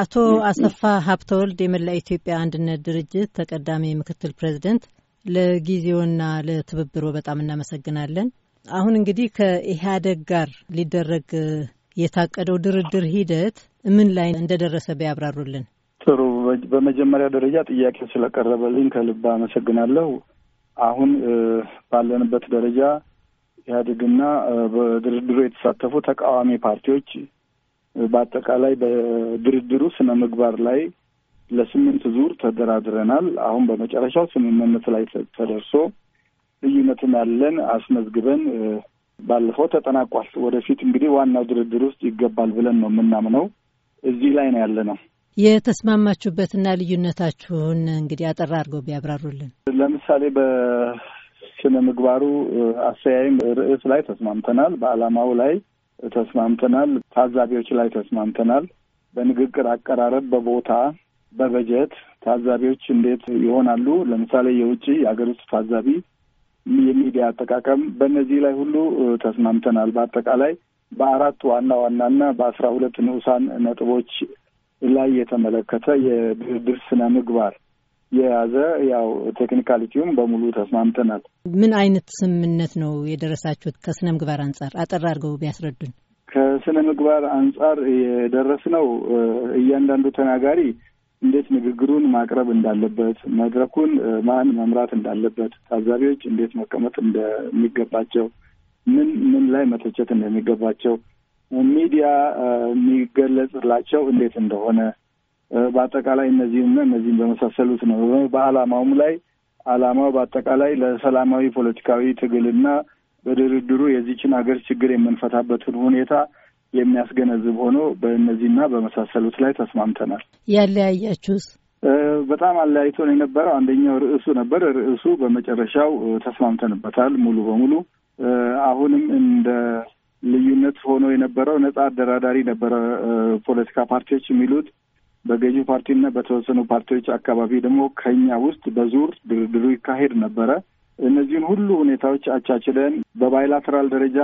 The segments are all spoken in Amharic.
አቶ አሰፋ ሀብተወልድ የመላ ኢትዮጵያ አንድነት ድርጅት ተቀዳሚ ምክትል ፕሬዚደንት፣ ለጊዜውና ለትብብሮ በጣም እናመሰግናለን። አሁን እንግዲህ ከኢህአዴግ ጋር ሊደረግ የታቀደው ድርድር ሂደት ምን ላይ እንደደረሰ ቢያብራሩልን። ጥሩ። በመጀመሪያ ደረጃ ጥያቄ ስለቀረበልኝ ከልብ አመሰግናለሁ። አሁን ባለንበት ደረጃ ኢህአዴግና በድርድሩ የተሳተፉ ተቃዋሚ ፓርቲዎች በአጠቃላይ በድርድሩ ስነ ምግባር ላይ ለስምንት ዙር ተደራድረናል። አሁን በመጨረሻው ስምምነት ላይ ተደርሶ ልዩነትን ያለን አስመዝግበን ባለፈው ተጠናቋል። ወደፊት እንግዲህ ዋናው ድርድር ውስጥ ይገባል ብለን ነው የምናምነው። እዚህ ላይ ነው ያለ ነው የተስማማችሁበትና ልዩነታችሁን እንግዲህ አጠር አድርገው ቢያብራሩልን። ለምሳሌ በስነ ምግባሩ አስተያይም ርዕስ ላይ ተስማምተናል። በዓላማው ላይ ተስማምተናል። ታዛቢዎች ላይ ተስማምተናል። በንግግር አቀራረብ፣ በቦታ በበጀት ታዛቢዎች እንዴት ይሆናሉ? ለምሳሌ የውጭ የሀገር ውስጥ ታዛቢ፣ የሚዲያ አጠቃቀም፣ በእነዚህ ላይ ሁሉ ተስማምተናል። በአጠቃላይ በአራት ዋና ዋናና በአስራ ሁለት ንዑሳን ነጥቦች ላይ የተመለከተ የድርድር ስነ ምግባር የያዘ ያው ቴክኒካሊቲውም በሙሉ ተስማምተናል። ምን አይነት ስምምነት ነው የደረሳችሁት? ከስነ ምግባር አንጻር አጠር አድርገው ቢያስረዱን። ከስነ ምግባር አንጻር የደረስነው እያንዳንዱ ተናጋሪ እንዴት ንግግሩን ማቅረብ እንዳለበት፣ መድረኩን ማን መምራት እንዳለበት፣ ታዛቢዎች እንዴት መቀመጥ እንደሚገባቸው፣ ምን ምን ላይ መተቸት እንደሚገባቸው፣ ሚዲያ የሚገለጽላቸው እንዴት እንደሆነ በአጠቃላይ እነዚህና እነዚህም በመሳሰሉት ነው። በአላማውም ላይ አላማው በአጠቃላይ ለሰላማዊ ፖለቲካዊ ትግልና በድርድሩ የዚችን ሀገር ችግር የምንፈታበትን ሁኔታ የሚያስገነዝብ ሆኖ በእነዚህና በመሳሰሉት ላይ ተስማምተናል። ያለያያችሁስ? በጣም አለያይቶን የነበረው አንደኛው ርዕሱ ነበር። ርዕሱ በመጨረሻው ተስማምተንበታል ሙሉ በሙሉ። አሁንም እንደ ልዩነት ሆኖ የነበረው ነጻ አደራዳሪ ነበረ ፖለቲካ ፓርቲዎች የሚሉት በገዢ ፓርቲና በተወሰኑ ፓርቲዎች አካባቢ ደግሞ ከኛ ውስጥ በዙር ድርድሩ ይካሄድ ነበረ። እነዚህን ሁሉ ሁኔታዎች አቻችለን በባይላተራል ደረጃ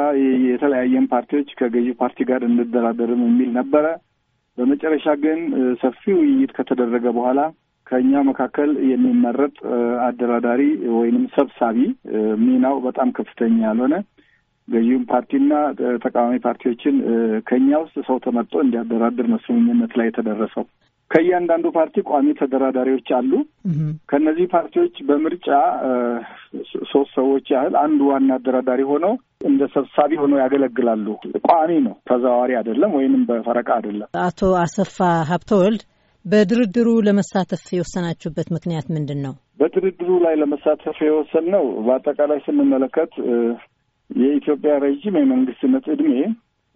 የተለያየን ፓርቲዎች ከገዢ ፓርቲ ጋር እንደራደርም የሚል ነበረ። በመጨረሻ ግን ሰፊ ውይይት ከተደረገ በኋላ ከእኛ መካከል የሚመረጥ አደራዳሪ ወይንም ሰብሳቢ ሚናው በጣም ከፍተኛ ያልሆነ ገዢውን ፓርቲና ተቃዋሚ ፓርቲዎችን ከእኛ ውስጥ ሰው ተመርጦ እንዲያደራድር ነው ስምምነት ላይ የተደረሰው። ከእያንዳንዱ ፓርቲ ቋሚ ተደራዳሪዎች አሉ። ከእነዚህ ፓርቲዎች በምርጫ ሶስት ሰዎች ያህል አንዱ ዋና አደራዳሪ ሆነው እንደ ሰብሳቢ ሆነው ያገለግላሉ። ቋሚ ነው፣ ተዘዋዋሪ አይደለም፣ ወይንም በፈረቃ አይደለም። አቶ አሰፋ ሀብተወልድ በድርድሩ ለመሳተፍ የወሰናችሁበት ምክንያት ምንድን ነው? በድርድሩ ላይ ለመሳተፍ የወሰን ነው በአጠቃላይ ስንመለከት የኢትዮጵያ ረዥም የመንግስትነት እድሜ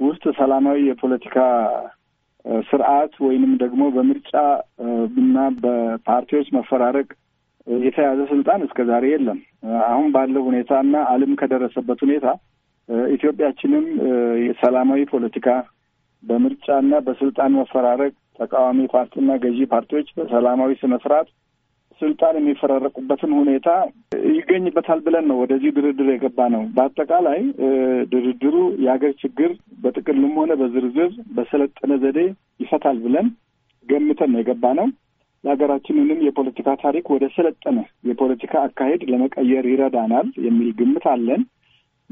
ውስጥ ሰላማዊ የፖለቲካ ስርዓት ወይንም ደግሞ በምርጫ እና በፓርቲዎች መፈራረቅ የተያዘ ስልጣን እስከ ዛሬ የለም። አሁን ባለው ሁኔታ እና ዓለም ከደረሰበት ሁኔታ ኢትዮጵያችንም የሰላማዊ ፖለቲካ በምርጫና በስልጣን መፈራረቅ ተቃዋሚ ፓርቲና ገዢ ፓርቲዎች በሰላማዊ ስነ ስርዓት ስልጣን የሚፈራረቁበትን ሁኔታ ይገኝበታል ብለን ነው ወደዚህ ድርድር የገባ ነው። በአጠቃላይ ድርድሩ የሀገር ችግር በጥቅልም ሆነ በዝርዝር በሰለጠነ ዘዴ ይፈታል ብለን ገምተን ነው የገባ ነው። የሀገራችንንም የፖለቲካ ታሪክ ወደ ሰለጠነ የፖለቲካ አካሄድ ለመቀየር ይረዳናል የሚል ግምት አለን።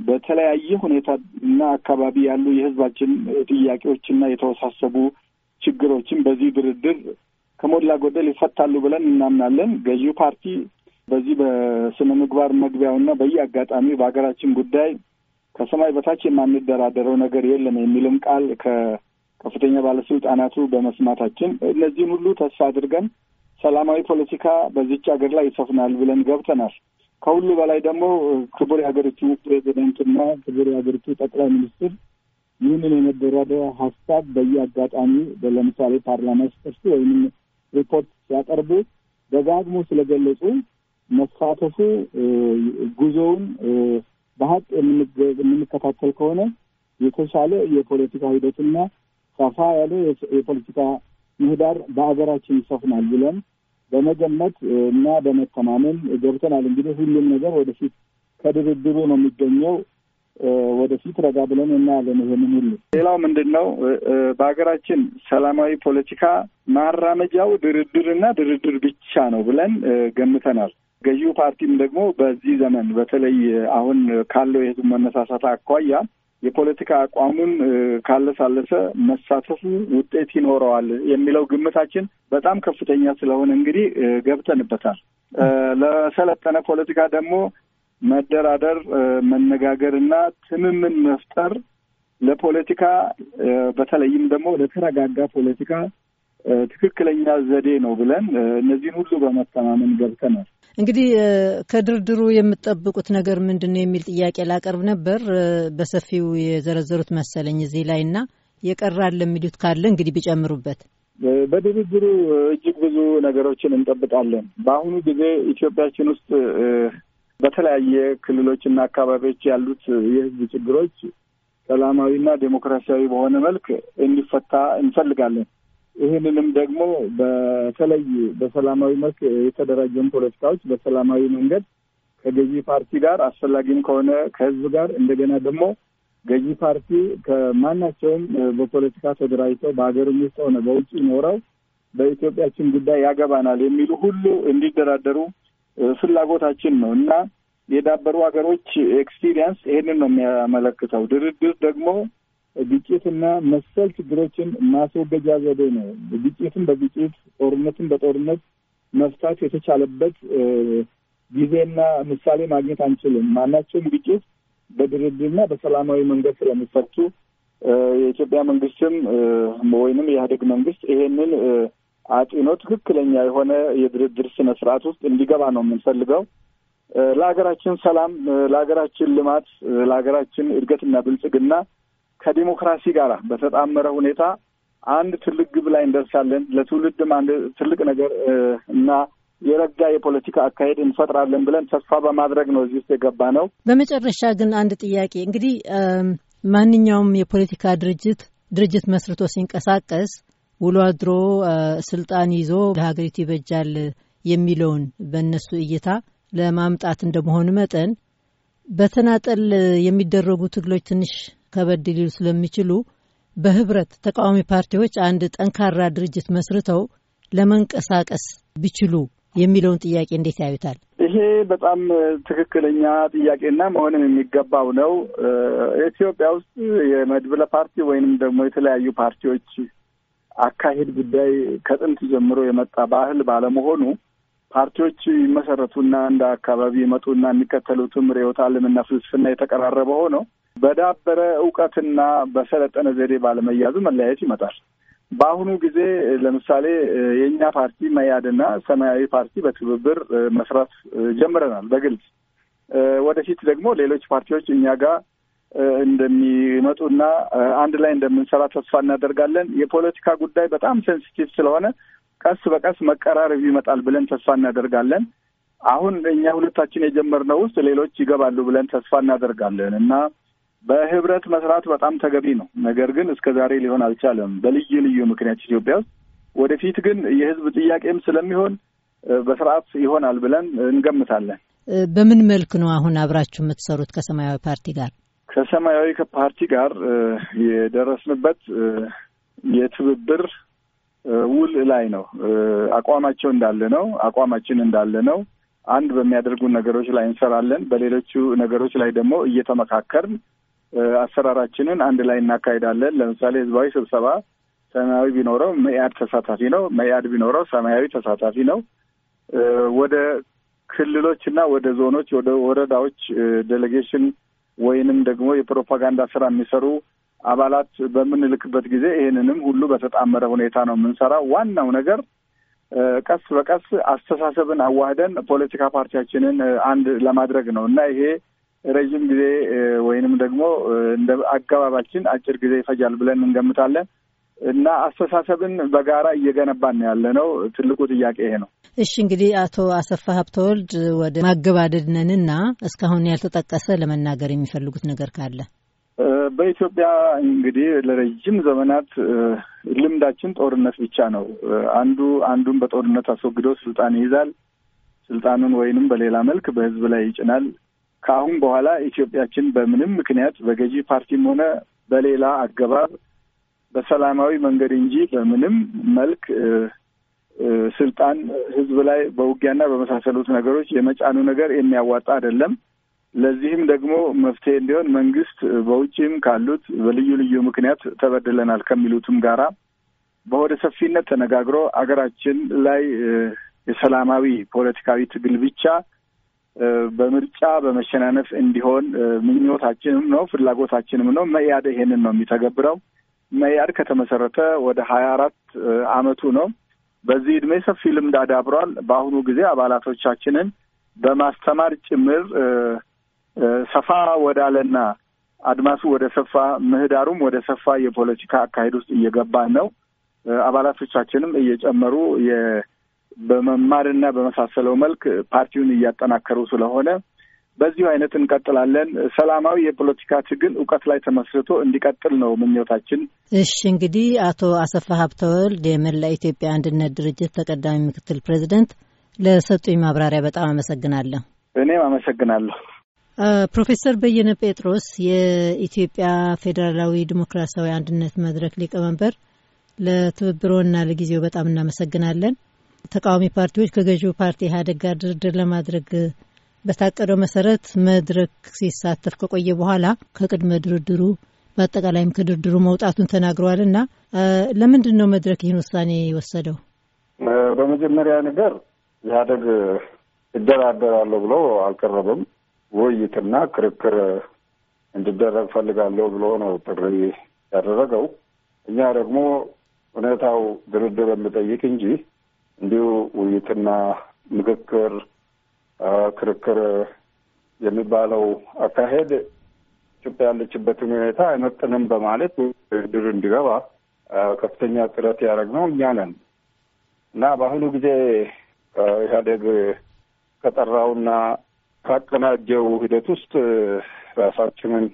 በተለያየ ሁኔታ እና አካባቢ ያሉ የህዝባችን ጥያቄዎችና የተወሳሰቡ ችግሮችን በዚህ ድርድር ከሞላ ጎደል ይፈታሉ ብለን እናምናለን። ገዢው ፓርቲ በዚህ በስነ ምግባር መግቢያውና በየአጋጣሚው በሀገራችን ጉዳይ ከሰማይ በታች የማንደራደረው ነገር የለም የሚልም ቃል ከከፍተኛ ባለስልጣናቱ በመስማታችን እነዚህን ሁሉ ተስፋ አድርገን ሰላማዊ ፖለቲካ በዚች ሀገር ላይ ይሰፍናል ብለን ገብተናል። ከሁሉ በላይ ደግሞ ክቡር የሀገሪቱ ፕሬዚደንትና ክቡር የሀገሪቱ ጠቅላይ ሚኒስትር ይህንን የመደራደሪያ ሀሳብ በየአጋጣሚ ለምሳሌ ፓርላማ ስጠርሱ ወይም ሪፖርት ሲያቀርቡ ደጋግሞ ስለገለጹ መሳተፉ ጉዞውን በሀቅ የምንከታተል ከሆነ የተሻለ የፖለቲካ ሂደትና ሰፋ ያለ የፖለቲካ ምህዳር በሀገራችን ይሰፍናል ብለን በመገመት እና በመተማመን ገብተናል። እንግዲህ ሁሉም ነገር ወደፊት ከድርድሩ ነው የሚገኘው። ወደፊት ረጋ ብለን እናያለን። ይሄንን ሁሉ ሌላው ምንድን ነው በሀገራችን ሰላማዊ ፖለቲካ ማራመጃው ድርድርና ድርድር ብቻ ነው ብለን ገምተናል። ገዢው ፓርቲም ደግሞ በዚህ ዘመን በተለይ አሁን ካለው የህዝብ መነሳሳት አኳያ የፖለቲካ አቋሙን ካለሳለሰ መሳተፉ ውጤት ይኖረዋል የሚለው ግምታችን በጣም ከፍተኛ ስለሆነ እንግዲህ ገብተንበታል። ለሰለጠነ ፖለቲካ ደግሞ መደራደር፣ መነጋገርና ትምምን መፍጠር ለፖለቲካ በተለይም ደግሞ ለተረጋጋ ፖለቲካ ትክክለኛ ዘዴ ነው ብለን እነዚህን ሁሉ በመተማመን ገብተናል። እንግዲህ ከድርድሩ የምትጠብቁት ነገር ምንድን ነው የሚል ጥያቄ ላቀርብ ነበር። በሰፊው የዘረዘሩት መሰለኝ እዚህ ላይ እና የቀራል ለሚሉት ካለ እንግዲህ ቢጨምሩበት። በድርድሩ እጅግ ብዙ ነገሮችን እንጠብቃለን። በአሁኑ ጊዜ ኢትዮጵያችን ውስጥ በተለያየ ክልሎችና አካባቢዎች ያሉት የህዝብ ችግሮች ሰላማዊና ዴሞክራሲያዊ በሆነ መልክ እንዲፈታ እንፈልጋለን። ይህንንም ደግሞ በተለይ በሰላማዊ መልክ የተደራጀን ፖለቲካዎች በሰላማዊ መንገድ ከገዢ ፓርቲ ጋር አስፈላጊም ከሆነ ከህዝብ ጋር እንደገና ደግሞ ገዢ ፓርቲ ከማናቸውም በፖለቲካ ተደራጅተው በሀገርም ውስጥ ሆነ በውጭ ኖረው በኢትዮጵያችን ጉዳይ ያገባናል የሚሉ ሁሉ እንዲደራደሩ ፍላጎታችን ነው እና የዳበሩ ሀገሮች ኤክስፒሪየንስ ይህንን ነው የሚያመለክተው። ድርድር ደግሞ ግጭትና መሰል ችግሮችን ማስወገጃ ዘዴ ነው። ግጭትን በግጭት ጦርነትን በጦርነት መፍታት የተቻለበት ጊዜና ምሳሌ ማግኘት አንችልም። ማናቸውም ግጭት በድርድርና በሰላማዊ መንገድ ስለሚፈቱ የኢትዮጵያ መንግስትም ወይንም የኢህአዴግ መንግስት ይሄንን አጢኖ ትክክለኛ የሆነ የድርድር ስነ ስርዓት ውስጥ እንዲገባ ነው የምንፈልገው። ለሀገራችን ሰላም፣ ለሀገራችን ልማት፣ ለሀገራችን እድገትና ብልጽግና ከዲሞክራሲ ጋር በተጣመረ ሁኔታ አንድ ትልቅ ግብ ላይ እንደርሳለን። ለትውልድም አንድ ትልቅ ነገር እና የረጋ የፖለቲካ አካሄድ እንፈጥራለን ብለን ተስፋ በማድረግ ነው እዚህ ውስጥ የገባ ነው። በመጨረሻ ግን አንድ ጥያቄ እንግዲህ ማንኛውም የፖለቲካ ድርጅት ድርጅት መስርቶ ሲንቀሳቀስ ውሎ አድሮ ስልጣን ይዞ ለሀገሪቱ ይበጃል የሚለውን በእነሱ እይታ ለማምጣት እንደመሆኑ መጠን በተናጠል የሚደረጉ ትግሎች ትንሽ ከበድ ሊሉ ስለሚችሉ በህብረት ተቃዋሚ ፓርቲዎች አንድ ጠንካራ ድርጅት መስርተው ለመንቀሳቀስ ቢችሉ የሚለውን ጥያቄ እንዴት ያዩታል? ይሄ በጣም ትክክለኛ ጥያቄና መሆንም የሚገባው ነው። ኢትዮጵያ ውስጥ የመድብለ ፓርቲ ወይንም ደግሞ የተለያዩ ፓርቲዎች አካሄድ ጉዳይ ከጥንት ጀምሮ የመጣ ባህል ባለመሆኑ ፓርቲዎች ይመሰረቱና እንደ አካባቢ ይመጡና የሚከተሉትም ርዕዮተ ዓለምና ፍልስፍና የተቀራረበ ሆነው በዳበረ እውቀትና በሰለጠነ ዘዴ ባለመያዙ መለያየት ይመጣል። በአሁኑ ጊዜ ለምሳሌ የእኛ ፓርቲ መያድና ሰማያዊ ፓርቲ በትብብር መስራት ጀምረናል በግልጽ ወደፊት ደግሞ ሌሎች ፓርቲዎች እኛ ጋር እንደሚመጡና አንድ ላይ እንደምንሰራ ተስፋ እናደርጋለን። የፖለቲካ ጉዳይ በጣም ሴንስቲቭ ስለሆነ ቀስ በቀስ መቀራረብ ይመጣል ብለን ተስፋ እናደርጋለን። አሁን እኛ ሁለታችን የጀመርነው ውስጥ ሌሎች ይገባሉ ብለን ተስፋ እናደርጋለን እና በህብረት መስራት በጣም ተገቢ ነው። ነገር ግን እስከ ዛሬ ሊሆን አልቻለም በልዩ ልዩ ምክንያት ኢትዮጵያ ውስጥ። ወደፊት ግን የህዝብ ጥያቄም ስለሚሆን በስርዓት ይሆናል ብለን እንገምታለን። በምን መልክ ነው አሁን አብራችሁ የምትሰሩት ከሰማያዊ ፓርቲ ጋር? ከሰማያዊ ፓርቲ ጋር የደረስንበት የትብብር ውል ላይ ነው። አቋማቸው እንዳለ ነው። አቋማችን እንዳለ ነው። አንድ በሚያደርጉ ነገሮች ላይ እንሰራለን። በሌሎቹ ነገሮች ላይ ደግሞ እየተመካከርን አሰራራችንን አንድ ላይ እናካሄዳለን። ለምሳሌ ህዝባዊ ስብሰባ ሰማያዊ ቢኖረው መኢአድ ተሳታፊ ነው። መኢአድ ቢኖረው ሰማያዊ ተሳታፊ ነው። ወደ ክልሎች እና ወደ ዞኖች፣ ወደ ወረዳዎች ዴሌጌሽን ወይንም ደግሞ የፕሮፓጋንዳ ስራ የሚሰሩ አባላት በምንልክበት ጊዜ ይህንንም ሁሉ በተጣመረ ሁኔታ ነው የምንሰራው። ዋናው ነገር ቀስ በቀስ አስተሳሰብን አዋህደን ፖለቲካ ፓርቲያችንን አንድ ለማድረግ ነው እና ይሄ ረዥም ጊዜ ወይንም ደግሞ እንደ አገባባችን አጭር ጊዜ ይፈጃል ብለን እንገምታለን። እና አስተሳሰብን በጋራ እየገነባን ነው ያለ ነው። ትልቁ ጥያቄ ይሄ ነው። እሺ እንግዲህ አቶ አሰፋ ሀብተወልድ ወደ ማገባደድ ነን እስካሁን ያልተጠቀሰ ለመናገር የሚፈልጉት ነገር ካለ በኢትዮጵያ እንግዲህ ለረጅም ዘመናት ልምዳችን ጦርነት ብቻ ነው። አንዱ አንዱን በጦርነት አስወግዶ ስልጣን ይይዛል። ስልጣኑን ወይንም በሌላ መልክ በህዝብ ላይ ይጭናል። ከአሁን በኋላ ኢትዮጵያችን በምንም ምክንያት በገዢ ፓርቲም ሆነ በሌላ አገባብ በሰላማዊ መንገድ እንጂ በምንም መልክ ስልጣን ህዝብ ላይ በውጊያና በመሳሰሉት ነገሮች የመጫኑ ነገር የሚያዋጣ አይደለም። ለዚህም ደግሞ መፍትሄ እንዲሆን መንግስት በውጭም ካሉት በልዩ ልዩ ምክንያት ተበድለናል ከሚሉትም ጋራ በወደ ሰፊነት ተነጋግሮ አገራችን ላይ የሰላማዊ ፖለቲካዊ ትግል ብቻ በምርጫ በመሸናነፍ እንዲሆን ምኞታችንም ነው ፍላጎታችንም ነው። መያደ ይሄንን ነው የሚተገብረው። መያድ ከተመሰረተ ወደ ሀያ አራት አመቱ ነው። በዚህ እድሜ ሰፊ ልምድ አዳብሯል። በአሁኑ ጊዜ አባላቶቻችንን በማስተማር ጭምር ሰፋ ወዳለና አድማሱ ወደ ሰፋ ምህዳሩም ወደ ሰፋ የፖለቲካ አካሄድ ውስጥ እየገባን ነው። አባላቶቻችንም እየጨመሩ በመማርና በመሳሰለው መልክ ፓርቲውን እያጠናከሩ ስለሆነ በዚሁ አይነት እንቀጥላለን። ሰላማዊ የፖለቲካ ትግል እውቀት ላይ ተመስርቶ እንዲቀጥል ነው ምኞታችን። እሺ እንግዲህ አቶ አሰፋ ሀብተወልድ የመላ ኢትዮጵያ አንድነት ድርጅት ተቀዳሚ ምክትል ፕሬዚደንት ለሰጡኝ ማብራሪያ በጣም አመሰግናለሁ። እኔም አመሰግናለሁ። ፕሮፌሰር በየነ ጴጥሮስ የኢትዮጵያ ፌዴራላዊ ዲሞክራሲያዊ አንድነት መድረክ ሊቀመንበር፣ ለትብብሮና ለጊዜው በጣም እናመሰግናለን። ተቃዋሚ ፓርቲዎች ከገዢው ፓርቲ ኢህአዴግ ጋር ድርድር ለማድረግ በታቀደው መሰረት መድረክ ሲሳተፍ ከቆየ በኋላ ከቅድመ ድርድሩ በአጠቃላይም ከድርድሩ መውጣቱን ተናግረዋል። እና ለምንድን ነው መድረክ ይህን ውሳኔ የወሰደው? በመጀመሪያ ነገር ኢህአዴግ እደራደራለሁ ብሎ አልቀረበም። ውይይትና ክርክር እንዲደረግ ፈልጋለሁ ብሎ ነው ጥሪ ያደረገው። እኛ ደግሞ ሁኔታው ድርድር የሚጠይቅ እንጂ እንዲሁ ውይይትና ምክክር ክርክር የሚባለው አካሄድ ኢትዮጵያ ያለችበትን ሁኔታ አይመጥንም በማለት ድር እንዲገባ ከፍተኛ ጥረት ያደረግነው እኛ ነን እና በአሁኑ ጊዜ ኢህአዴግ ከጠራውና ካቀናጀው ሂደት ውስጥ ራሳችንን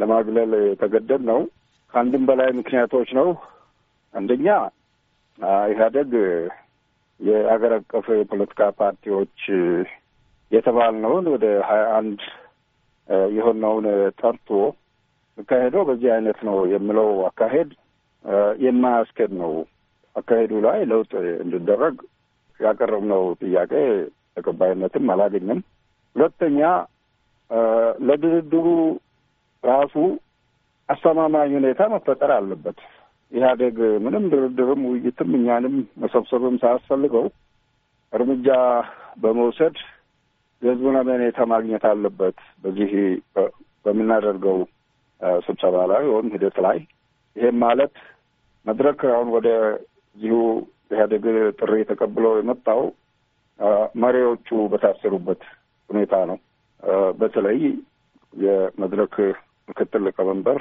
ለማግለል የተገደድ ነው። ከአንድም በላይ ምክንያቶች ነው። አንደኛ ኢህአዴግ የአገር አቀፍ የፖለቲካ ፓርቲዎች የተባልነውን ወደ ሀያ አንድ የሆነውን ጠርቶ አካሄደው በዚህ አይነት ነው የምለው አካሄድ የማያስኬድ ነው። አካሄዱ ላይ ለውጥ እንዲደረግ ያቀረብነው ጥያቄ ተቀባይነትም አላገኘም። ሁለተኛ ለድርድሩ ራሱ አስተማማኝ ሁኔታ መፈጠር አለበት። ኢህአዴግ ምንም ድርድርም ውይይትም እኛንም መሰብሰብም ሳያስፈልገው እርምጃ በመውሰድ የህዝቡን አመኔታ ማግኘት አለበት። በዚህ በምናደርገው ስብሰባ ላይ ወይም ሂደት ላይ ይሄም ማለት መድረክ አሁን ዚሁ ኢህአዴግ ጥሪ ተቀብሎ የመጣው መሪዎቹ በታሰሩበት ሁኔታ ነው። በተለይ የመድረክ ምክትል ሊቀመንበር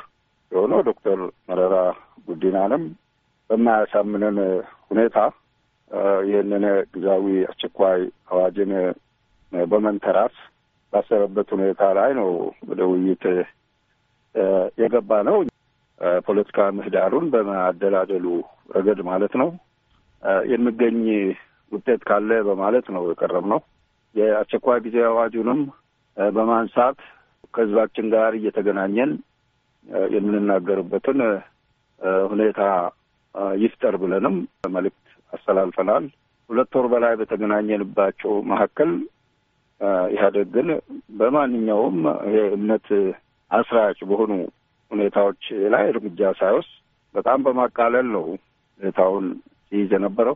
የሆነው ዶክተር መረራ ጉዲናንም በማያሳምንን ሁኔታ ይህንን ጊዜያዊ አስቸኳይ አዋጅን በመንተራስ ባሰበበት ሁኔታ ላይ ነው ወደ ውይይት የገባ ነው። ፖለቲካ ምህዳሩን በማደላደሉ ረገድ ማለት ነው የሚገኝ ውጤት ካለ በማለት ነው የቀረብ ነው። የአስቸኳይ ጊዜ አዋጁንም በማንሳት ከህዝባችን ጋር እየተገናኘን የምንናገርበትን ሁኔታ ይፍጠር ብለንም መልእክት አስተላልፈናል። ሁለት ወር በላይ በተገናኘንባቸው መካከል ኢህአዴግ ግን በማንኛውም የእምነት አስራጭ በሆኑ ሁኔታዎች ላይ እርምጃ ሳይወስድ በጣም በማቃለል ነው ሁኔታውን ሲይዝ የነበረው።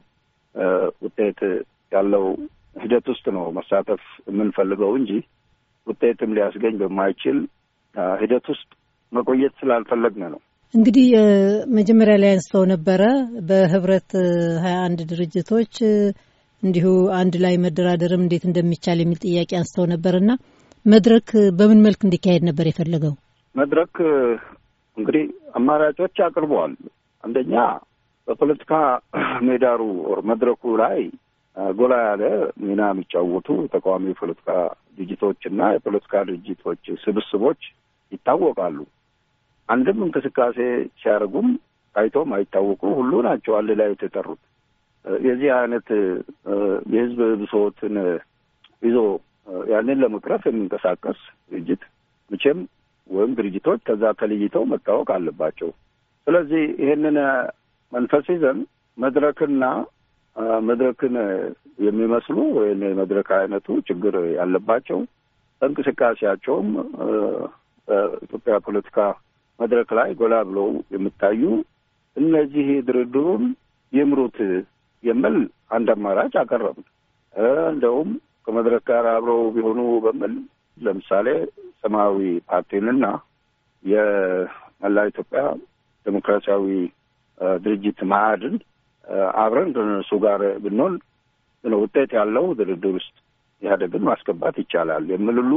ውጤት ያለው ሂደት ውስጥ ነው መሳተፍ የምንፈልገው እንጂ ውጤትም ሊያስገኝ በማይችል ሂደት ውስጥ መቆየት ስላልፈለግን ነው። እንግዲህ መጀመሪያ ላይ አንስተው ነበረ በህብረት ሀያ አንድ ድርጅቶች እንዲሁ አንድ ላይ መደራደርም እንዴት እንደሚቻል የሚል ጥያቄ አንስተው ነበር እና መድረክ በምን መልክ እንዲካሄድ ነበር የፈለገው? መድረክ እንግዲህ አማራጮች አቅርበዋል። አንደኛ በፖለቲካ ሜዳሩ መድረኩ ላይ ጎላ ያለ ሚና የሚጫወቱ ተቃዋሚ የፖለቲካ ድርጅቶች እና የፖለቲካ ድርጅቶች ስብስቦች ይታወቃሉ። አንድም እንቅስቃሴ ሲያደርጉም ታይቶም አይታወቁ ሁሉ ናቸው አንድ ላይ የተጠሩት። የዚህ አይነት የህዝብ ብሶትን ይዞ ያንን ለመቅረፍ የሚንቀሳቀስ ድርጅት መቼም ወይም ድርጅቶች ከዛ ተለይተው መታወቅ አለባቸው። ስለዚህ ይህንን መንፈስ ይዘን መድረክና መድረክን የሚመስሉ ወይም የመድረክ አይነቱ ችግር ያለባቸው እንቅስቃሴያቸውም በኢትዮጵያ ፖለቲካ መድረክ ላይ ጎላ ብለው የሚታዩ እነዚህ ድርድሩን ይምሩት የሚል አንድ አማራጭ አቀረብን። እንደውም ከመድረክ ጋር አብረው ቢሆኑ በሚል ለምሳሌ ሰማያዊ ፓርቲንና የመላ ኢትዮጵያ ዴሞክራሲያዊ ድርጅት መኢአድን አብረን ከነሱ ጋር ብንሆን ውጤት ያለው ድርድር ውስጥ ኢህአዴግን ማስገባት ይቻላል የምልሉ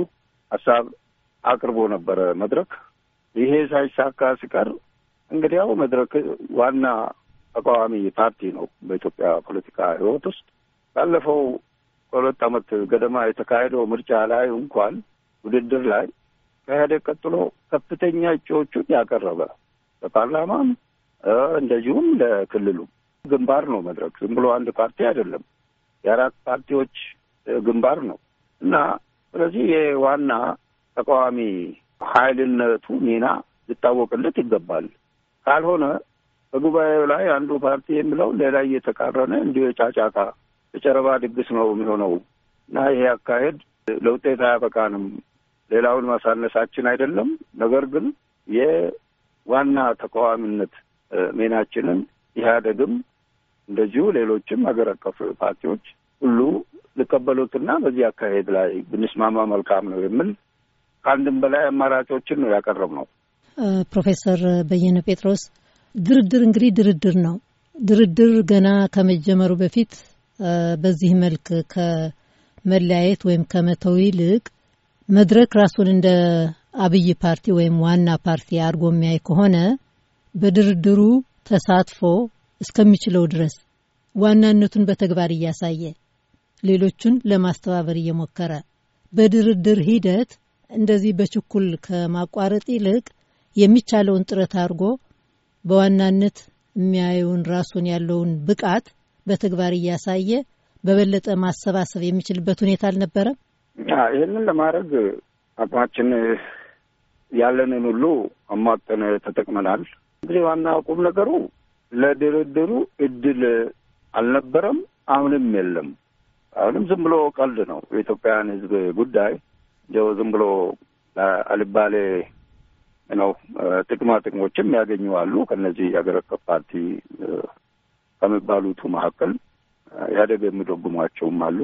ሀሳብ አቅርቦ ነበረ መድረክ። ይሄ ሳይሳካ ሲቀር እንግዲያው መድረክ ዋና ተቃዋሚ ፓርቲ ነው በኢትዮጵያ ፖለቲካ ህይወት ውስጥ ባለፈው ሁለት ዓመት ገደማ የተካሄደው ምርጫ ላይ እንኳን ውድድር ላይ ከሄደ ቀጥሎ ከፍተኛ እጩዎቹን ያቀረበ በፓርላማም እንደዚሁም ለክልሉ ግንባር ነው። መድረክ ዝም ብሎ አንድ ፓርቲ አይደለም፣ የአራት ፓርቲዎች ግንባር ነው እና ስለዚህ የዋና ተቃዋሚ ኃይልነቱ ሚና ሊታወቅለት ይገባል። ካልሆነ በጉባኤው ላይ አንዱ ፓርቲ የሚለው ሌላ እየተቃረነ እንዲሁ የጫጫታ የጨረባ ድግስ ነው የሚሆነው እና ይሄ አካሄድ ለውጤት አያበቃንም። ሌላውን ማሳነሳችን አይደለም። ነገር ግን የዋና ተቃዋሚነት ሚናችንን ኢህአዴግም እንደዚሁ ሌሎችም ሀገር አቀፍ ፓርቲዎች ሁሉ ሊቀበሉትና በዚህ አካሄድ ላይ ብንስማማ መልካም ነው የሚል ከአንድም በላይ አማራጮችን ነው ያቀረብ ነው። ፕሮፌሰር በየነ ጴጥሮስ ድርድር እንግዲህ ድርድር ነው። ድርድር ገና ከመጀመሩ በፊት በዚህ መልክ ከመለያየት ወይም ከመተው ይልቅ መድረክ ራሱን እንደ አብይ ፓርቲ ወይም ዋና ፓርቲ አድርጎ የሚያይ ከሆነ በድርድሩ ተሳትፎ እስከሚችለው ድረስ ዋናነቱን በተግባር እያሳየ ሌሎቹን ለማስተባበር እየሞከረ በድርድር ሂደት እንደዚህ በችኩል ከማቋረጥ ይልቅ የሚቻለውን ጥረት አድርጎ በዋናነት የሚያየውን ራሱን ያለውን ብቃት በተግባር እያሳየ በበለጠ ማሰባሰብ የሚችልበት ሁኔታ አልነበረም። ይህንን ለማድረግ አቅማችን ያለንን ሁሉ አሟጠን ተጠቅመናል። እንግዲህ ዋና ቁም ነገሩ ለድርድሩ እድል አልነበረም፣ አሁንም የለም። አሁንም ዝም ብሎ ቀልድ ነው። የኢትዮጵያን ሕዝብ ጉዳይ እንደው ዝም ብሎ አልባሌ ነው ጥቅማ ጥቅሞችም ያገኙ አሉ። ከነዚህ የሀገር አቀፍ ፓርቲ ከሚባሉቱ መካከል ያደገ የሚደጉሟቸውም አሉ።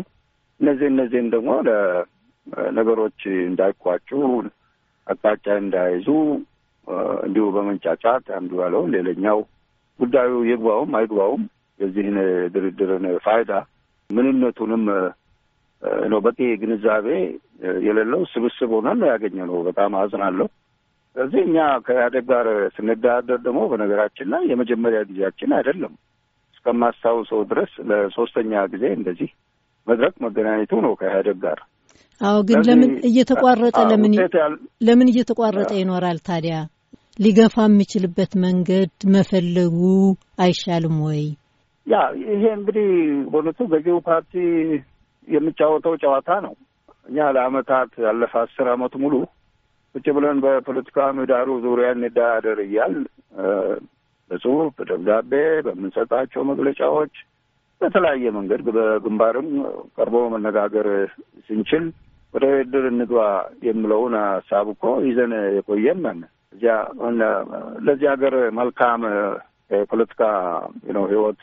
እነዚህ እነዚህም ደግሞ ለነገሮች እንዳይኳጩ አቅጣጫ እንዳይዙ እንዲሁ በመንጫጫት አንዱ ያለውን ሌላኛው ጉዳዩ ይግባውም አይግባውም የዚህን ድርድርን ፋይዳ ምንነቱንም ነው በቂ ግንዛቤ የሌለው ስብስብ ሆነን ያገኘ ነው። በጣም አዝናለሁ። ስለዚህ እኛ ከኢህአዴግ ጋር ስንደራደር ደግሞ በነገራችን ላይ የመጀመሪያ ጊዜያችን አይደለም። እስከማስታውሰው ድረስ ለሶስተኛ ጊዜ እንደዚህ መድረክ መገናኘቱ ነው ከኢህአዴግ ጋር። አዎ፣ ግን ለምን እየተቋረጠ ለምን ለምን እየተቋረጠ ይኖራል ታዲያ? ሊገፋ የሚችልበት መንገድ መፈለጉ አይሻልም ወይ? ያ ይሄ እንግዲህ በእውነቱ ገዢው ፓርቲ የሚጫወተው ጨዋታ ነው። እኛ ለአመታት ያለፈ አስር አመት ሙሉ ቁጭ ብለን በፖለቲካ ምህዳሩ ዙሪያ እንደራደር እያል በጽሁፍ፣ በደብዳቤ፣ በምንሰጣቸው መግለጫዎች በተለያየ መንገድ በግንባርም ቀርቦ መነጋገር ስንችል ወደ ድርድር እንግባ የምለውን ሀሳብ እኮ ይዘን የቆየም እዚያ ለዚህ ሀገር መልካም የፖለቲካ ነው ህይወት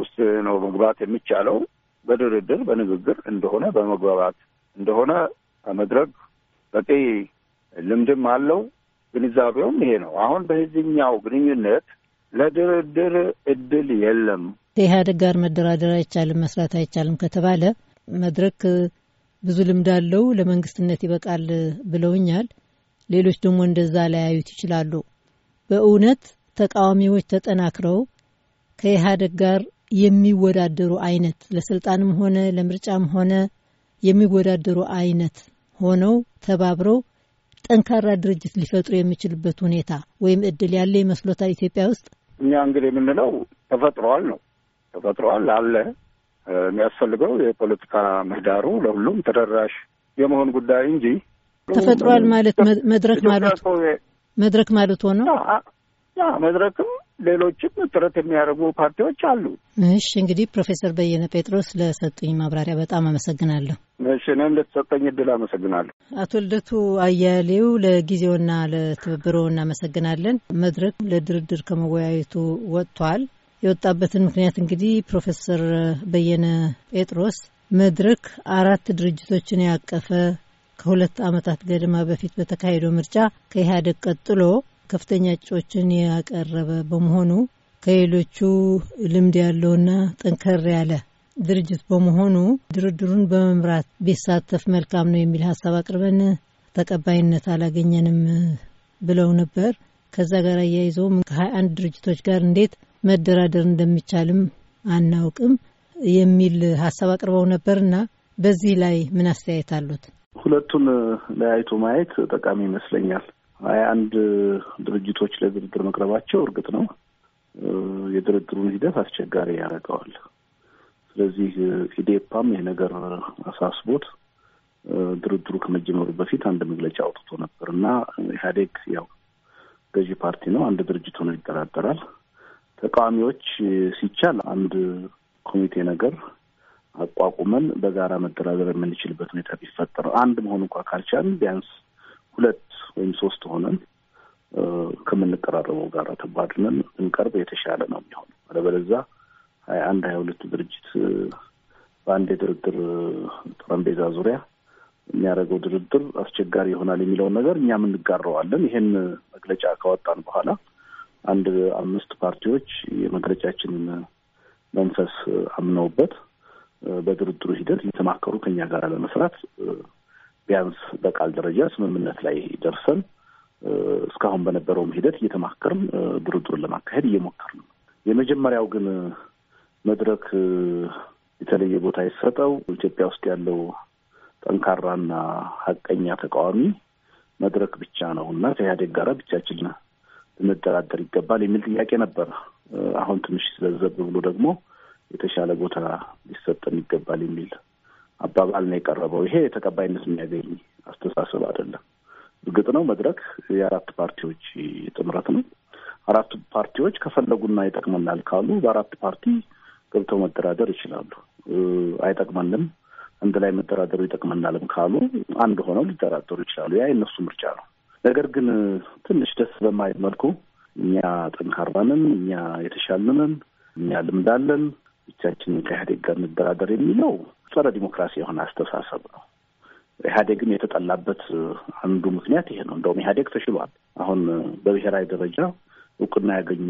ውስጥ ነው መግባት የሚቻለው በድርድር በንግግር እንደሆነ በመግባባት እንደሆነ መድረክ በቂ ልምድም አለው። ግንዛቤውም ይሄ ነው። አሁን በዚህኛው ግንኙነት ለድርድር እድል የለም። ከኢህአዴግ ጋር መደራደር አይቻልም፣ መስራት አይቻልም ከተባለ መድረክ ብዙ ልምድ አለው፣ ለመንግስትነት ይበቃል ብለውኛል። ሌሎች ደግሞ እንደዛ ላያዩት ይችላሉ። በእውነት ተቃዋሚዎች ተጠናክረው ከኢህአዴግ ጋር የሚወዳደሩ አይነት ለስልጣንም ሆነ ለምርጫም ሆነ የሚወዳደሩ አይነት ሆነው ተባብረው ጠንካራ ድርጅት ሊፈጥሩ የሚችልበት ሁኔታ ወይም እድል ያለ ይመስሎታል? ኢትዮጵያ ውስጥ እኛ እንግዲህ የምንለው ተፈጥሯል ነው። ተፈጥሯል አለ። የሚያስፈልገው የፖለቲካ ምህዳሩ ለሁሉም ተደራሽ የመሆን ጉዳይ እንጂ ተፈጥሯል ማለት መድረክ ማለት መድረክ ማለት ሆነው መድረክም ሌሎችም ጥረት የሚያደርጉ ፓርቲዎች አሉ። እሺ እንግዲህ ፕሮፌሰር በየነ ጴጥሮስ ለሰጡኝ ማብራሪያ በጣም አመሰግናለሁ። እሺ እኔም ለተሰጠኝ እድል አመሰግናለሁ። አቶ ልደቱ አያሌው ለጊዜውና ለትብብሮ እናመሰግናለን። መድረክ ለድርድር ከመወያየቱ ወጥቷል። የወጣበትን ምክንያት እንግዲህ ፕሮፌሰር በየነ ጴጥሮስ መድረክ አራት ድርጅቶችን ያቀፈ ከሁለት ዓመታት ገደማ በፊት በተካሄደው ምርጫ ከኢህአዴግ ቀጥሎ ከፍተኛ እጩዎችን ያቀረበ በመሆኑ ከሌሎቹ ልምድ ያለውና ጠንከር ያለ ድርጅት በመሆኑ ድርድሩን በመምራት ቢሳተፍ መልካም ነው የሚል ሀሳብ አቅርበን ተቀባይነት አላገኘንም ብለው ነበር። ከዛ ጋር አያይዘውም ከሀያ አንድ ድርጅቶች ጋር እንዴት መደራደር እንደሚቻልም አናውቅም የሚል ሀሳብ አቅርበው ነበር እና በዚህ ላይ ምን አስተያየት አሉት? ሁለቱን ለያይቶ ማየት ጠቃሚ ይመስለኛል። ሀያ አንድ ድርጅቶች ለድርድር መቅረባቸው እርግጥ ነው የድርድሩን ሂደት አስቸጋሪ ያደርገዋል። ስለዚህ ኢዴፓም ይህ ነገር አሳስቦት ድርድሩ ከመጀመሩ በፊት አንድ መግለጫ አውጥቶ ነበር እና ኢህአዴግ ያው ገዢ ፓርቲ ነው። አንድ ድርጅት ሆኖ ይደራደራል። ተቃዋሚዎች ሲቻል አንድ ኮሚቴ ነገር አቋቁመን በጋራ መደራደር የምንችልበት ሁኔታ ቢፈጠር፣ አንድ መሆን እንኳ ካልቻል ቢያንስ ሁለት ወይም ሶስት ሆነን ከምንቀራረበው ጋር ተባድነን ብንቀርብ የተሻለ ነው የሚሆነው። አለበለዚያ ሀያ አንድ ሀያ ሁለት ድርጅት በአንድ የድርድር ጠረጴዛ ዙሪያ የሚያደርገው ድርድር አስቸጋሪ ይሆናል የሚለውን ነገር እኛም እንጋረዋለን። ይሄን መግለጫ ካወጣን በኋላ አንድ አምስት ፓርቲዎች የመግለጫችንን መንፈስ አምነውበት በድርድሩ ሂደት እየተማከሩ ከኛ ጋር ለመስራት ቢያንስ በቃል ደረጃ ስምምነት ላይ ደርሰን እስካሁን በነበረውም ሂደት እየተማከርን ድርድሩን ለማካሄድ እየሞከርን ነው። የመጀመሪያው ግን መድረክ የተለየ ቦታ የሰጠው ኢትዮጵያ ውስጥ ያለው ጠንካራና ሀቀኛ ተቃዋሚ መድረክ ብቻ ነው እና ከኢህአዴግ ጋር ብቻችን ልንደራደር ይገባል የሚል ጥያቄ ነበር። አሁን ትንሽ ስለዘብ ብሎ ደግሞ የተሻለ ቦታ ሊሰጠን ይገባል የሚል አባባል ነው የቀረበው። ይሄ ተቀባይነት የሚያገኝ አስተሳሰብ አይደለም። እርግጥ ነው መድረክ የአራት ፓርቲዎች ጥምረት ነው። አራቱ ፓርቲዎች ከፈለጉና ይጠቅመናል ካሉ በአራት ፓርቲ ገብተው መደራደር ይችላሉ። አይጠቅመንም፣ አንድ ላይ መደራደሩ ይጠቅመናልም ካሉ አንድ ሆነው ሊደራደሩ ይችላሉ። ያ የነሱ ምርጫ ነው። ነገር ግን ትንሽ ደስ በማየት መልኩ እኛ ጠንካራንን፣ እኛ የተሻልንን፣ እኛ ልምዳለን፣ ብቻችንን ከኢህአዴግ ጋር እንደራደር የሚለው ጸረ ዲሞክራሲ የሆነ አስተሳሰብ ነው። ኢህአዴግም የተጠላበት አንዱ ምክንያት ይሄ ነው። እንደውም ኢህአዴግ ተሽሏል። አሁን በብሔራዊ ደረጃ እውቅና ያገኙ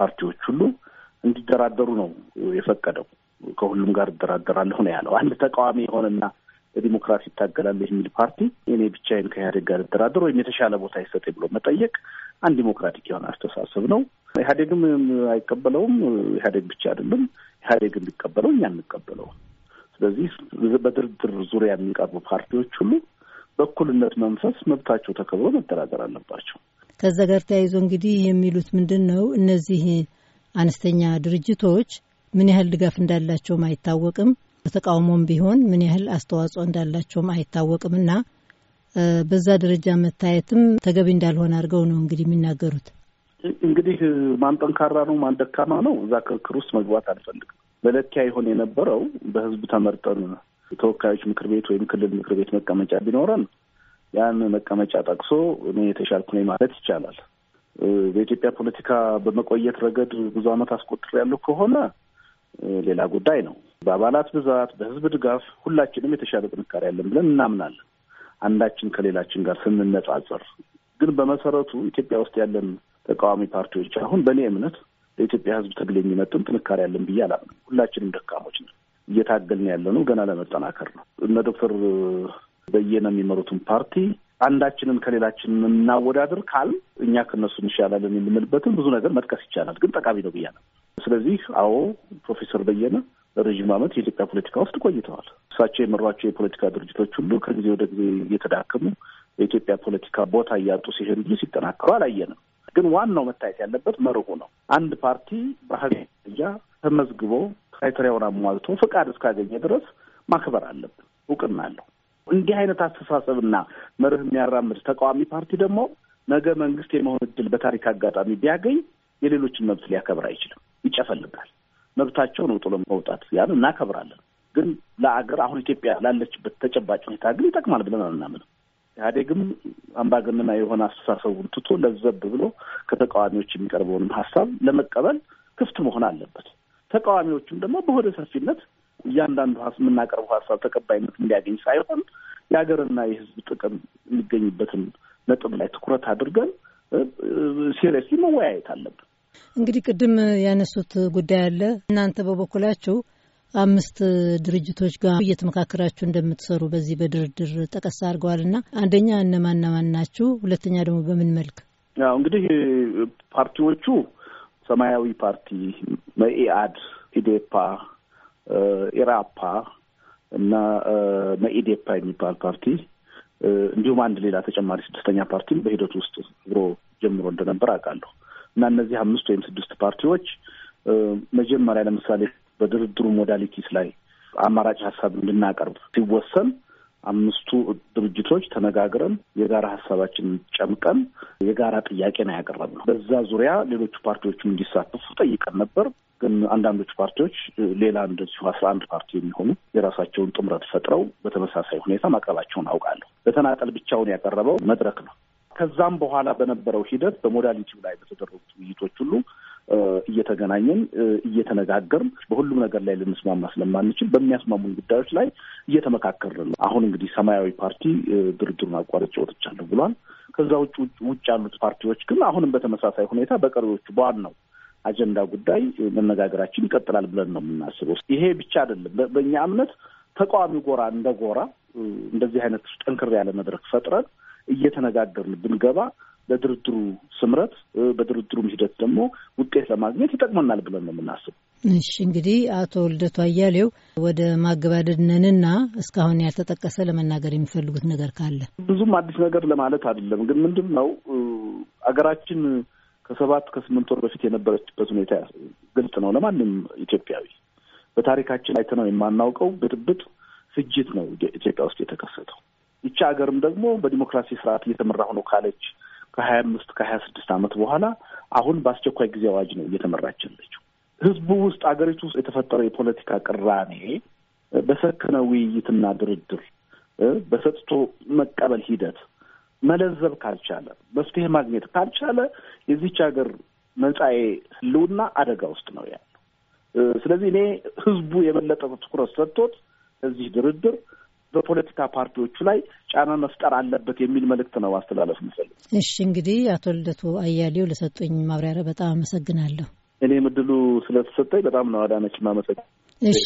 ፓርቲዎች ሁሉ እንዲደራደሩ ነው የፈቀደው። ከሁሉም ጋር እደራደራለሁ ነው ያለው። አንድ ተቃዋሚ የሆነና ለዲሞክራሲ ይታገላለሁ የሚል ፓርቲ እኔ ብቻዬን ከኢህአዴግ ጋር እደራደር ወይም የተሻለ ቦታ ይሰጥ ብሎ መጠየቅ አንድ ዲሞክራቲክ የሆነ አስተሳሰብ ነው። ኢህአዴግም አይቀበለውም። ኢህአዴግ ብቻ አይደለም፣ ኢህአዴግ እንዲቀበለው እኛ እንቀበለውም ስለዚህ በድርድር ዙሪያ የሚቀርቡ ፓርቲዎች ሁሉ በእኩልነት መንፈስ መብታቸው ተከብሮ መደራደር አለባቸው። ከዛ ጋር ተያይዞ እንግዲህ የሚሉት ምንድን ነው? እነዚህ አነስተኛ ድርጅቶች ምን ያህል ድጋፍ እንዳላቸውም አይታወቅም። በተቃውሞም ቢሆን ምን ያህል አስተዋጽኦ እንዳላቸውም አይታወቅም እና በዛ ደረጃ መታየትም ተገቢ እንዳልሆነ አድርገው ነው እንግዲህ የሚናገሩት። እንግዲህ ማን ጠንካራ ነው ማን ደካማ ነው፣ እዛ ክርክር ውስጥ መግባት አልፈልግም። መለኪያ ይሆን የነበረው በህዝብ ተመርጠን ተወካዮች ምክር ቤት ወይም ክልል ምክር ቤት መቀመጫ ቢኖረን ያን መቀመጫ ጠቅሶ እኔ የተሻልኩ ነኝ ማለት ይቻላል። በኢትዮጵያ ፖለቲካ በመቆየት ረገድ ብዙ ዓመት አስቆጥር ያለው ከሆነ ሌላ ጉዳይ ነው። በአባላት ብዛት፣ በህዝብ ድጋፍ ሁላችንም የተሻለ ጥንካሬ ያለን ብለን እናምናለን አንዳችን ከሌላችን ጋር ስንነጻጸር። ግን በመሰረቱ ኢትዮጵያ ውስጥ ያለን ተቃዋሚ ፓርቲዎች አሁን በእኔ እምነት ለኢትዮጵያ ሕዝብ ትግል የሚመጥን ጥንካሬ ያለን ብዬ አላምንም። ሁላችንም ደካሞች ነን። እየታገልን ያለ ነው ገና ለመጠናከር ነው። እነ ዶክተር በየነ የሚመሩትን ፓርቲ አንዳችንን ከሌላችን እናወዳድር ካል እኛ ከነሱ እንሻላለን የምንልበትን ብዙ ነገር መጥቀስ ይቻላል። ግን ጠቃሚ ነው ብያ ነው። ስለዚህ አዎ ፕሮፌሰር በየነ ረዥም ዓመት የኢትዮጵያ ፖለቲካ ውስጥ ቆይተዋል። እሳቸው የመሯቸው የፖለቲካ ድርጅቶች ሁሉ ከጊዜ ወደ ጊዜ እየተዳከሙ የኢትዮጵያ ፖለቲካ ቦታ እያጡ ሲሄዱ ሲጠናከሩ አላየንም። ግን ዋናው መታየት ያለበት መርሁ ነው። አንድ ፓርቲ ባህል ያ ተመዝግቦ ክራይቴሪያውን አሟልቶ ፈቃድ እስካገኘ ድረስ ማክበር አለብን። እውቅና አለው። እንዲህ አይነት አስተሳሰብና መርህ የሚያራምድ ተቃዋሚ ፓርቲ ደግሞ ነገ መንግስት የመሆን እድል በታሪክ አጋጣሚ ቢያገኝ የሌሎችን መብት ሊያከብር አይችልም። ይጨፈልጋል። መብታቸውን ጥሎ መውጣት ያን እናከብራለን። ግን ለአገር አሁን ኢትዮጵያ ላለችበት ተጨባጭ ሁኔታ ግን ይጠቅማል ብለን አናምንም። ኢህአዴግም አምባገነና የሆነ አስተሳሰቡን ትቶ ለዘብ ብሎ ከተቃዋሚዎች የሚቀርበውንም ሀሳብ ለመቀበል ክፍት መሆን አለበት። ተቃዋሚዎቹም ደግሞ በሆደ ሰፊነት እያንዳንዱ የምናቀርበው ሀሳብ ተቀባይነት እንዲያገኝ ሳይሆን የሀገርና የሕዝብ ጥቅም የሚገኝበትን ነጥብ ላይ ትኩረት አድርገን ሲሪየስሊ መወያየት አለብን። እንግዲህ ቅድም ያነሱት ጉዳይ አለ። እናንተ በበኩላችሁ አምስት ድርጅቶች ጋር እየተመካከራችሁ እንደምትሰሩ በዚህ በድርድር ጠቀስ አድርገዋል እና አንደኛ እነማን እነማን ናችሁ? ሁለተኛ ደግሞ በምን መልክ? ያው እንግዲህ ፓርቲዎቹ ሰማያዊ ፓርቲ፣ መኢአድ፣ ኢዴፓ፣ ኢራፓ እና መኢዴፓ የሚባል ፓርቲ እንዲሁም አንድ ሌላ ተጨማሪ ስድስተኛ ፓርቲም በሂደቱ ውስጥ አብሮ ጀምሮ እንደነበር አውቃለሁ እና እነዚህ አምስት ወይም ስድስት ፓርቲዎች መጀመሪያ ለምሳሌ በድርድሩ ሞዳሊቲስ ላይ አማራጭ ሀሳብ እንድናቀርብ ሲወሰን አምስቱ ድርጅቶች ተነጋግረን የጋራ ሀሳባችንን ጨምቀን የጋራ ጥያቄ ነው ያቀረብነው። በዛ ዙሪያ ሌሎቹ ፓርቲዎችም እንዲሳተፉ ጠይቀን ነበር። ግን አንዳንዶቹ ፓርቲዎች ሌላ እንደዚሁ አስራ አንድ ፓርቲ የሚሆኑ የራሳቸውን ጥምረት ፈጥረው በተመሳሳይ ሁኔታ ማቅረባቸውን አውቃለሁ። በተናጠል ብቻውን ያቀረበው መድረክ ነው። ከዛም በኋላ በነበረው ሂደት በሞዳሊቲው ላይ በተደረጉት ውይይቶች ሁሉ እየተገናኘን እየተነጋገርን በሁሉም ነገር ላይ ልንስማማ ስለማንችል በሚያስማሙን ጉዳዮች ላይ እየተመካከርን ነው። አሁን እንግዲህ ሰማያዊ ፓርቲ ድርድሩን አቋርጬ ወጥቻለሁ ብሏል። ከዛ ውጭ ውጭ ያሉት ፓርቲዎች ግን አሁንም በተመሳሳይ ሁኔታ በቀሪዎቹ በዋናው አጀንዳ ጉዳይ መነጋገራችን ይቀጥላል ብለን ነው የምናስበው። ይሄ ብቻ አይደለም። በእኛ እምነት ተቃዋሚ ጎራ እንደ ጎራ እንደዚህ አይነት ጠንክር ያለ መድረክ ፈጥረን እየተነጋገርን ብንገባ ለድርድሩ ስምረት በድርድሩም ሂደት ደግሞ ውጤት ለማግኘት ይጠቅመናል ብለን ነው የምናስብ። እሺ እንግዲህ አቶ ልደቱ አያሌው ወደ ማገባደድ ነንና እስካሁን ያልተጠቀሰ ለመናገር የሚፈልጉት ነገር ካለ? ብዙም አዲስ ነገር ለማለት አይደለም፣ ግን ምንድን ነው አገራችን ከሰባት ከስምንት ወር በፊት የነበረችበት ሁኔታ ግልጽ ነው ለማንም ኢትዮጵያዊ። በታሪካችን አይተነው የማናውቀው ብጥብጥ፣ ፍጅት ነው ኢትዮጵያ ውስጥ የተከሰተው። ይቺ ሀገርም ደግሞ በዲሞክራሲ ስርዓት እየተመራ ሆኖ ካለች ከሀያ አምስት ከሀያ ስድስት ዓመት በኋላ አሁን በአስቸኳይ ጊዜ አዋጅ ነው እየተመራች ያለችው። ህዝቡ ውስጥ አገሪቱ ውስጥ የተፈጠረው የፖለቲካ ቅራኔ በሰከነ ውይይትና ድርድር በሰጥቶ መቀበል ሂደት መለዘብ ካልቻለ መፍትሄ ማግኘት ካልቻለ የዚች ሀገር መጻኤ ህልውና አደጋ ውስጥ ነው ያለው። ስለዚህ እኔ ህዝቡ የበለጠ ትኩረት ሰጥቶት እዚህ ድርድር በፖለቲካ ፓርቲዎቹ ላይ ጫና መፍጠር አለበት የሚል መልእክት ነው አስተላለፍ ምፈልግ። እሺ እንግዲህ አቶ ልደቱ አያሌው ለሰጡኝ ማብራሪያ በጣም አመሰግናለሁ። እኔ ምድሉ ስለተሰጠኝ በጣም ነው አዳነች ማመሰግ እሺ